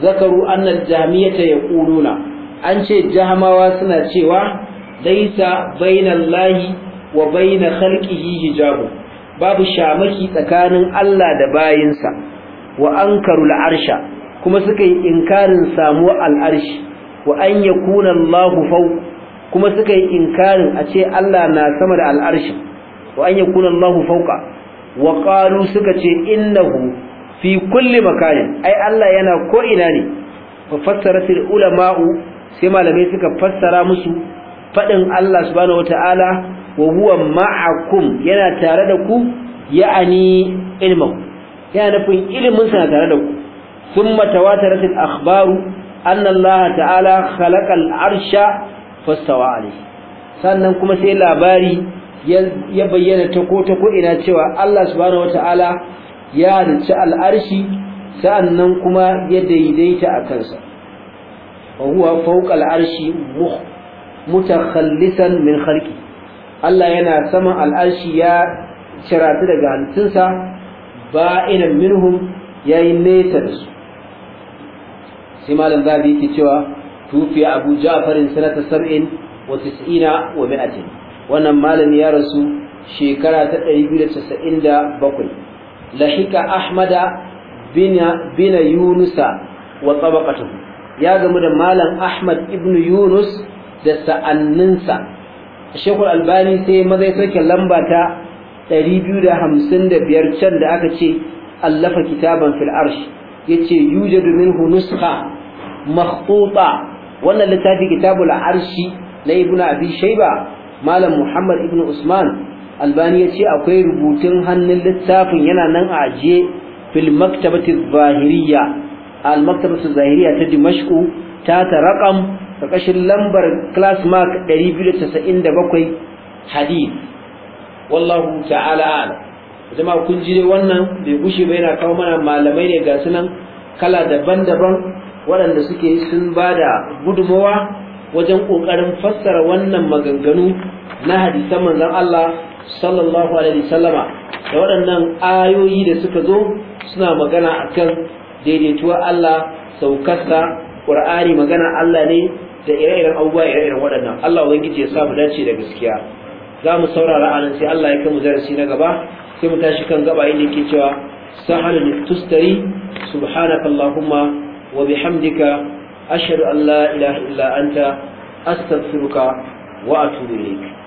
zakaru anna al ya yaquluna an ce jahmawa suna cewa laisa bainallahi wa bain khalqihi hijabu babu shamaki tsakanin Allah da bayansa. wa ankaru la'arsha kuma suka yi inkarin samu al'arshi wa an yakuna Allahu kuma suka yi inkarin a ce Allah na sama da al'arshi wa an yakuna Allahu fawqa wa qalu suka ce innahu fi kulli makanin ai Allah yana ko ina ne fa fassaratil ulama'u sai malamai suka fassara musu faɗin Allah subhanahu wataala wa huwa ma'akum yana tare da ku ya'ani ilmuhu Yana nufin ilimin sa tare da ku thumma tawatarat al akhbaru anna Allah ta'ala khalaqa al arsha fastawa sannan kuma sai labari ya bayyana ta ko ta ko ina cewa Allah subhanahu wataala ya halicci al'arshi sannan sa'annan kuma ya daidaita a kansa wa huwa fawqa al arshi mutakhallisan min khalqi Allah yana saman al'arshi ya ciratu daga halittunsa ba'inan minhum yayi nesa da su sai malam zabi yake cewa tufiya abu ja'farin sanata sar'in wa tis'ina wa mi'atin wannan malami ya rasu shekara ta 297 lahika ahmada bina bina yunusa wa tabaqatuhu ya gamu da malam ahmad ibnu yunus da sa'anninsa shekul albani sai mazaitokin lamba ta biyar can da aka ce allafa kitaban fil arsh yace yujadu minhu hunuska makhtuta wannan littafi kitabul arshi na ibn abi shaiba malam muhammad ibn usman albani yace akwai rubutun hannun littafin yana nan a ajiye fil maktabati zahiriya al maktabatu zahiriya ta dimashqu ta ta raqam ƙarƙashin lambar class mark 297 hadith wallahu ta'ala a'lam jama'a kun ji wannan bai gushe ba yana kawo mana malamai ne ga sunan kala daban-daban waɗanda suke sun ba da gudumawa wajen ƙoƙarin fassara wannan maganganu na hadisan manzon Allah sallallahu alaihi wasallama da waɗannan ayoyi da suka zo suna magana a kan daidaituwar Allah saukarsa Ƙur'ani, magana Allah ne da ire-iren abubuwa ire-iren waɗannan Allah ubangiji ya sa mu dace da gaskiya za mu saurara a nan sai Allah ya kai mu darasi na gaba sai mu tashi kan gaba inda yake cewa sahal tustari subhanaka allahumma wa bihamdika ashhadu an la ilaha illa anta astaghfiruka wa atubu ilayk